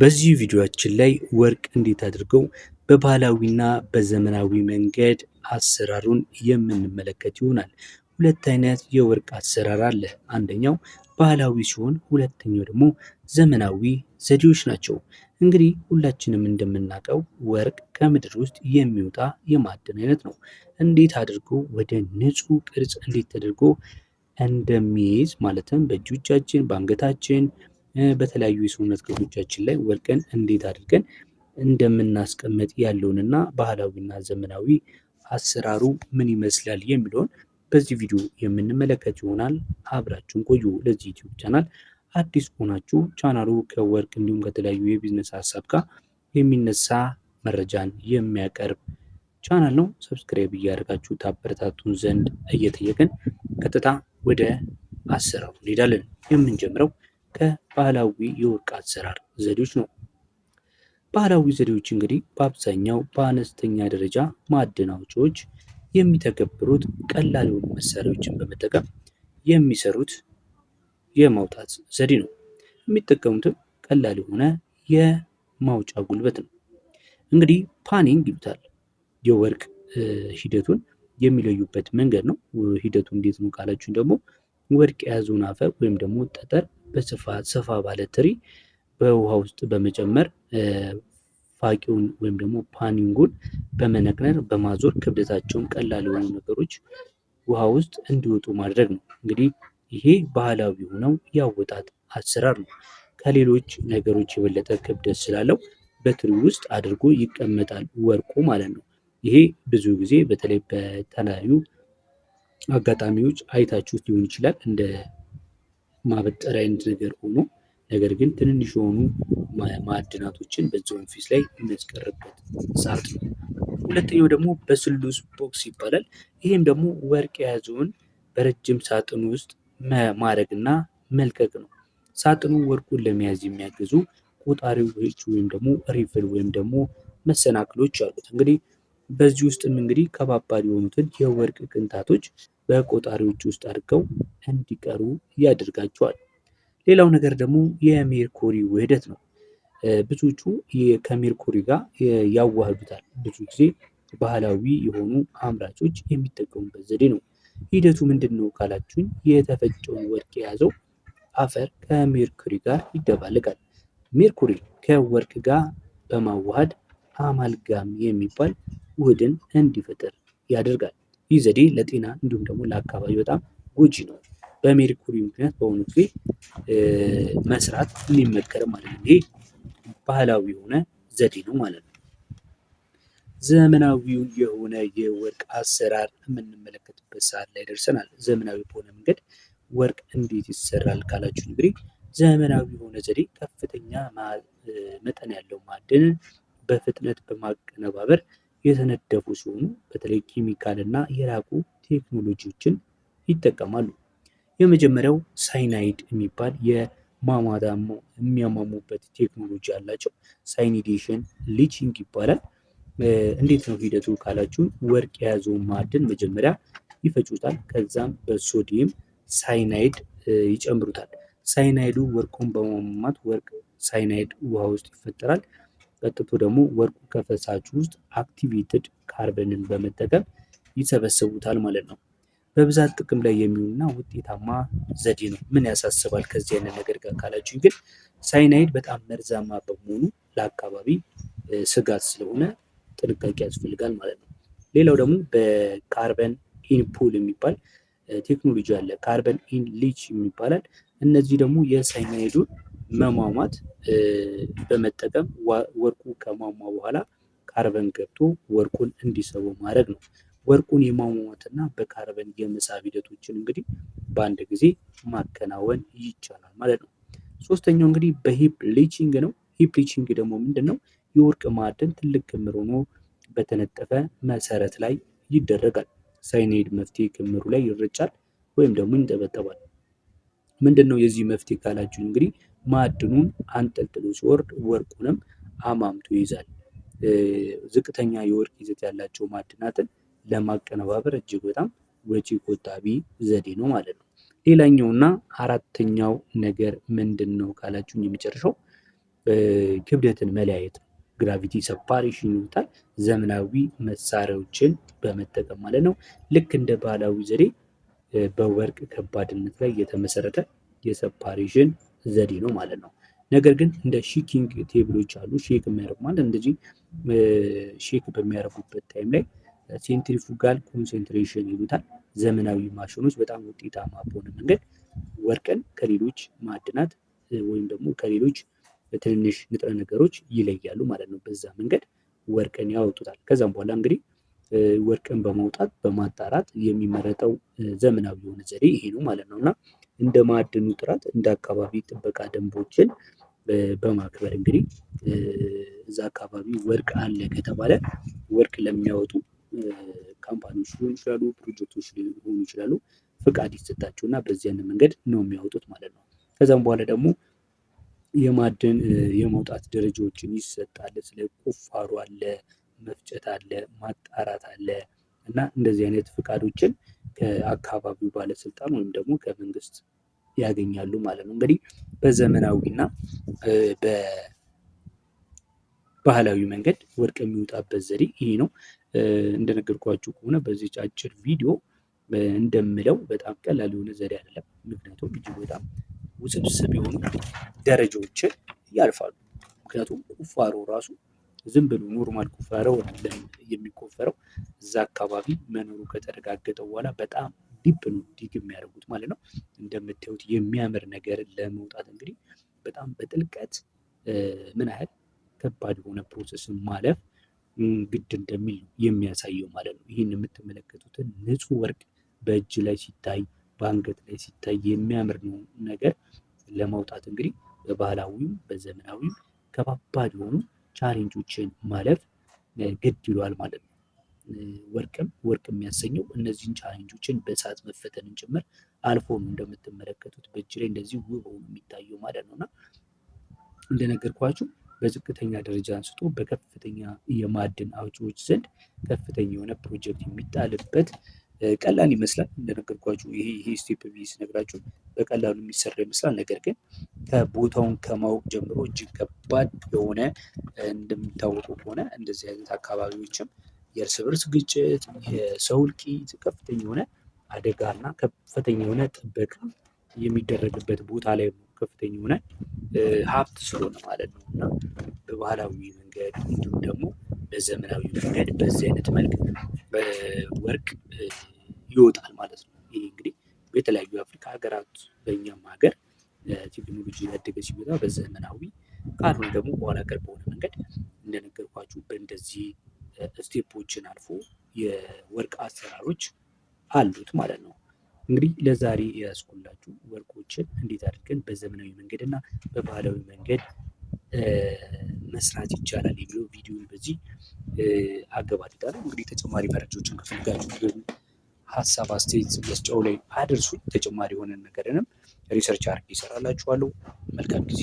በዚህ ቪዲዮችን ላይ ወርቅ እንዴት አድርገው በባህላዊና በዘመናዊ መንገድ አሰራሩን የምንመለከት ይሆናል። ሁለት አይነት የወርቅ አሰራር አለ። አንደኛው ባህላዊ ሲሆን፣ ሁለተኛው ደግሞ ዘመናዊ ዘዴዎች ናቸው። እንግዲህ ሁላችንም እንደምናውቀው ወርቅ ከምድር ውስጥ የሚወጣ የማዕድን አይነት ነው። እንዴት አድርጎ ወደ ንጹህ ቅርጽ እንዴት ተደርጎ እንደሚይዝ ማለትም በእጆቻችን በአንገታችን በተለያዩ የሰውነት ክፍሎቻችን ላይ ወልቀን እንዴት አድርገን እንደምናስቀምጥ ያለውንና ባህላዊና ዘመናዊ አሰራሩ ምን ይመስላል የሚለውን በዚህ ቪዲዮ የምንመለከት ይሆናል። አብራችሁን ቆዩ። ለዚህ ዩቲዩብ ቻናል አዲስ ሆናችሁ ቻናሉ ከወርቅ እንዲሁም ከተለያዩ የቢዝነስ ሀሳብ ጋር የሚነሳ መረጃን የሚያቀርብ ቻናል ነው። ሰብስክራይብ እያደረጋችሁ ታበረታቱን ዘንድ እየጠየቅን ቀጥታ ወደ አሰራሩ እንሄዳለን። የምንጀምረው ባህላዊ የወርቅ አሰራር ዘዴዎች ነው። ባህላዊ ዘዴዎች እንግዲህ በአብዛኛው በአነስተኛ ደረጃ ማዕድን አውጪዎች የሚተገብሩት ቀላል የሆኑ መሳሪያዎችን በመጠቀም የሚሰሩት የማውጣት ዘዴ ነው። የሚጠቀሙትም ቀላል የሆነ የማውጫ ጉልበት ነው። እንግዲህ ፓኒንግ ይሉታል። የወርቅ ሂደቱን የሚለዩበት መንገድ ነው። ሂደቱ እንዴት ነው ካላችሁን ደግሞ ወርቅ የያዘውን አፈር ወይም ደግሞ ጠጠር በስፋት ሰፋ ባለ ትሪ በውሃ ውስጥ በመጨመር ፋቂውን ወይም ደግሞ ፓኒንጉን በመነቅነር በማዞር ክብደታቸውን ቀላል የሆኑ ነገሮች ውሃ ውስጥ እንዲወጡ ማድረግ ነው። እንግዲህ ይሄ ባህላዊ የሆነው የአወጣት አሰራር ነው። ከሌሎች ነገሮች የበለጠ ክብደት ስላለው በትሪ ውስጥ አድርጎ ይቀመጣል ወርቁ ማለት ነው። ይሄ ብዙ ጊዜ በተለይ በተለያዩ አጋጣሚዎች አይታችሁት ሊሆን ይችላል እንደ ማበጠሪያ አይነት ነገር ሆኖ ነገር ግን ትንንሽ የሆኑ ማዕድናቶችን በዚህ ወንፊት ላይ የሚያስቀርበት ሳጥን ነው። ሁለተኛው ደግሞ በስሉስ ቦክስ ይባላል። ይህም ደግሞ ወርቅ የያዘውን በረጅም ሳጥን ውስጥ እና መልቀቅ ነው። ሳጥኑ ወርቁን ለመያዝ የሚያግዙ ቆጣሪዎች ወይም ደግሞ ሪፍል ወይም ደግሞ መሰናክሎች አሉት። እንግዲህ በዚህ ውስጥም እንግዲህ ከባባድ የሆኑትን የወርቅ ቅንጣቶች በቆጣሪዎች ውስጥ አድርገው እንዲቀሩ ያደርጋቸዋል። ሌላው ነገር ደግሞ የሜርኩሪ ውህደት ነው። ብዙዎቹ ከሜርኩሪ ጋር ያዋህዱታል። ብዙ ጊዜ ባህላዊ የሆኑ አምራቾች የሚጠቀሙበት ዘዴ ነው። ሂደቱ ምንድን ነው ካላችሁኝ፣ የተፈጨውን ወርቅ የያዘው አፈር ከሜርኩሪ ጋር ይደባለቃል። ሜርኩሪ ከወርቅ ጋር በማዋሃድ አማልጋም የሚባል ውህድን እንዲፈጠር ያደርጋል። ይህ ዘዴ ለጤና እንዲሁም ደግሞ ለአካባቢ በጣም ጎጂ ነው። በሜርኩሪ ምክንያት በሆኑ ጊዜ መስራት አይመከርም ማለት ነው። ይሄ ባህላዊ የሆነ ዘዴ ነው ማለት ነው። ዘመናዊ የሆነ የወርቅ አሰራር የምንመለከትበት ሰዓት ላይ ደርሰናል። ዘመናዊ በሆነ መንገድ ወርቅ እንዴት ይሰራል ካላችሁ እንግዲህ ዘመናዊ የሆነ ዘዴ ከፍተኛ መጠን ያለው ማዕድንን በፍጥነት በማቀነባበር የተነደፉ ሲሆኑ በተለይ ኬሚካል እና የላቁ ቴክኖሎጂዎችን ይጠቀማሉ። የመጀመሪያው ሳይናይድ የሚባል የማማታሞ የሚያማሙበት ቴክኖሎጂ አላቸው። ሳይኒዴሽን ሊቺንግ ይባላል። እንዴት ነው ሂደቱ ካላችሁን ወርቅ የያዘውን ማዕድን መጀመሪያ ይፈጩታል። ከዛም በሶዲየም ሳይናይድ ይጨምሩታል። ሳይናይዱ ወርቁን በማማማት ወርቅ ሳይናይድ ውሃ ውስጥ ይፈጠራል። ቀጥቶ ደግሞ ወርቁ ከፈሳች ውስጥ አክቲቬትድ ካርበንን በመጠቀም ይሰበስቡታል ማለት ነው። በብዛት ጥቅም ላይ የሚውልና ውጤታማ ዘዴ ነው። ምን ያሳስባል ከዚህ አይነት ነገር ጋር ካላችሁ ግን ሳይናይድ በጣም መርዛማ በመሆኑ ለአካባቢ ስጋት ስለሆነ ጥንቃቄ ያስፈልጋል ማለት ነው። ሌላው ደግሞ በካርበን ኢንፑል የሚባል ቴክኖሎጂ አለ። ካርበን ኢን ሊች የሚባላል። እነዚህ ደግሞ የሳይናይዱን መሟሟት በመጠቀም ወርቁ ከሟሟ በኋላ ካርበን ገብቶ ወርቁን እንዲስበው ማድረግ ነው። ወርቁን የማሟሟትና በካርበን የመሳብ ሂደቶችን እንግዲህ በአንድ ጊዜ ማከናወን ይቻላል ማለት ነው። ሶስተኛው እንግዲህ በሂፕ ሊቺንግ ነው። ሂፕ ሊቺንግ ደግሞ ምንድን ነው? የወርቅ ማዕድን ትልቅ ክምር ሆኖ በተነጠፈ መሰረት ላይ ይደረጋል። ሳይናይድ መፍትሄ ክምሩ ላይ ይረጫል ወይም ደግሞ ይንጠበጠባል። ምንድን ነው የዚህ መፍትሄ ካላችሁ እንግዲህ ማዕድኑን አንጠልጥሎ ሲወርድ ወርቁንም አማምቶ ይይዛል። ዝቅተኛ የወርቅ ይዘት ያላቸው ማዕድናትን ለማቀነባበር እጅግ በጣም ወጪ ቆጣቢ ዘዴ ነው ማለት ነው። ሌላኛውና አራተኛው ነገር ምንድን ነው ካላችሁን፣ የመጨረሻው ክብደትን መለያየት ግራቪቲ ሰፓሬሽን ይሉታል። ዘመናዊ መሳሪያዎችን በመጠቀም ማለት ነው። ልክ እንደ ባህላዊ ዘዴ በወርቅ ከባድነት ላይ የተመሰረተ የሰፓሬሽን ዘዴ ነው ማለት ነው። ነገር ግን እንደ ሺኪንግ ቴብሎች አሉ። ሼክ የሚያደርጉ ማለት እንደዚህ ሼክ በሚያደርጉበት ታይም ላይ ሴንትሪፉጋል ኮንሰንትሬሽን ይሉታል። ዘመናዊ ማሽኖች በጣም ውጤታማ በሆነ መንገድ ወርቅን ከሌሎች ማዕድናት ወይም ደግሞ ከሌሎች ትንንሽ ንጥረ ነገሮች ይለያሉ ማለት ነው። በዛ መንገድ ወርቅን ያወጡታል። ከዛም በኋላ እንግዲህ ወርቅን በማውጣት በማጣራት የሚመረጠው ዘመናዊ የሆነ ዘዴ ይሄ ነው ማለት ነው እና እንደ ማዕድኑ ጥራት እንደ አካባቢ ጥበቃ ደንቦችን በማክበር እንግዲህ እዛ አካባቢ ወርቅ አለ ከተባለ ወርቅ ለሚያወጡ ካምፓኒዎች ሊሆኑ ይችላሉ፣ ፕሮጀክቶች ሊሆኑ ይችላሉ። ፍቃድ ይሰጣቸው እና በዚያን መንገድ ነው የሚያወጡት ማለት ነው። ከዛም በኋላ ደግሞ የማዕድን የመውጣት ደረጃዎችን ይሰጣል። ስለ ቁፋሮ አለ፣ መፍጨት አለ፣ ማጣራት አለ እና እንደዚህ አይነት ፍቃዶችን ከአካባቢው ባለስልጣን ወይም ደግሞ ከመንግስት ያገኛሉ ማለት ነው። እንግዲህ በዘመናዊና በባህላዊ መንገድ ወርቅ የሚወጣበት ዘዴ ይሄ ነው። እንደነገርኳችሁ ከሆነ በዚች አጭር ቪዲዮ እንደምለው በጣም ቀላል የሆነ ዘዴ አይደለም። ምክንያቱም እጅግ በጣም ውስብስብ የሆኑ ደረጃዎችን ያልፋሉ። ምክንያቱም ቁፋሮ ራሱ ዝም ብሎ ኖርማል ቁፋሮ የሚቆፈረው። እዛ አካባቢ መኖሩ ከተረጋገጠ በኋላ በጣም ዲፕ ነው ዲግ የሚያደርጉት ማለት ነው። እንደምታዩት የሚያምር ነገር ለመውጣት እንግዲህ በጣም በጥልቀት ምን ያህል ከባድ የሆነ ፕሮሰስን ማለፍ ግድ እንደሚል የሚያሳየው ማለት ነው። ይህን የምትመለከቱትን ንጹህ ወርቅ በእጅ ላይ ሲታይ፣ በአንገት ላይ ሲታይ የሚያምር ነው ነገር ለማውጣት እንግዲህ በባህላዊም በዘመናዊም ከባባድ የሆኑ ቻሌንጆችን ማለፍ ግድ ይሏል ማለት ነው። ወርቅም ወርቅ የሚያሰኘው እነዚህን ቻሌንጆችን በሰዓት መፈተንን ጭምር አልፎ እንደምትመለከቱት በእጅ ላይ እንደዚህ ውብ ሆኖ የሚታየው ማለት ነው እና እንደነገርኳችሁ በዝቅተኛ ደረጃ አንስቶ በከፍተኛ የማዕድን አውጪዎች ዘንድ ከፍተኛ የሆነ ፕሮጀክት የሚጣልበት ቀላል ይመስላል እንደነገርኳችሁ ይሄ ይሄ ስቴፕ ብዬ ስነግራችሁ በቀላሉ የሚሰራ ይመስላል። ነገር ግን ከቦታውን ከማወቅ ጀምሮ እጅግ ከባድ የሆነ እንደሚታወቁ ከሆነ እንደዚህ አይነት አካባቢዎችም የእርስ በርስ ግጭት፣ የሰው እልቂት፣ ከፍተኛ የሆነ አደጋና ከፍተኛ የሆነ ጥበቃ የሚደረግበት ቦታ ላይ ከፍተኛ የሆነ ሀብት ስለሆነ ማለት ነው እና በባህላዊ መንገድ እንዲሁም ደግሞ በዘመናዊ መንገድ በዚህ አይነት መልክ በወርቅ ይወጣል ማለት ነው። ይህ እንግዲህ በተለያዩ አፍሪካ ሀገራት በእኛም ሀገር ቴክኖሎጂ ያደገ ሲመጣ በዘመናዊ ካልሆነ ደግሞ በኋላ ቀር በሆነ መንገድ እንደነገርኳችሁ በእንደዚህ ስቴፖችን አልፎ የወርቅ አሰራሮች አሉት ማለት ነው። እንግዲህ ለዛሬ ያስኩላችሁ ወርቆችን እንዴት አድርገን በዘመናዊ መንገድ እና በባህላዊ መንገድ መስራት ይቻላል የሚለው ቪዲዮ በዚህ አገባድዳለሁ። እንግዲህ ተጨማሪ መረጃዎችን ከፈልጋችሁ ሀሳብ አስተያየት መስጫው ላይ አድርሱኝ። ተጨማሪ የሆነ ነገርንም ሪሰርች አድርጌ ይሰራላችኋለሁ። መልካም ጊዜ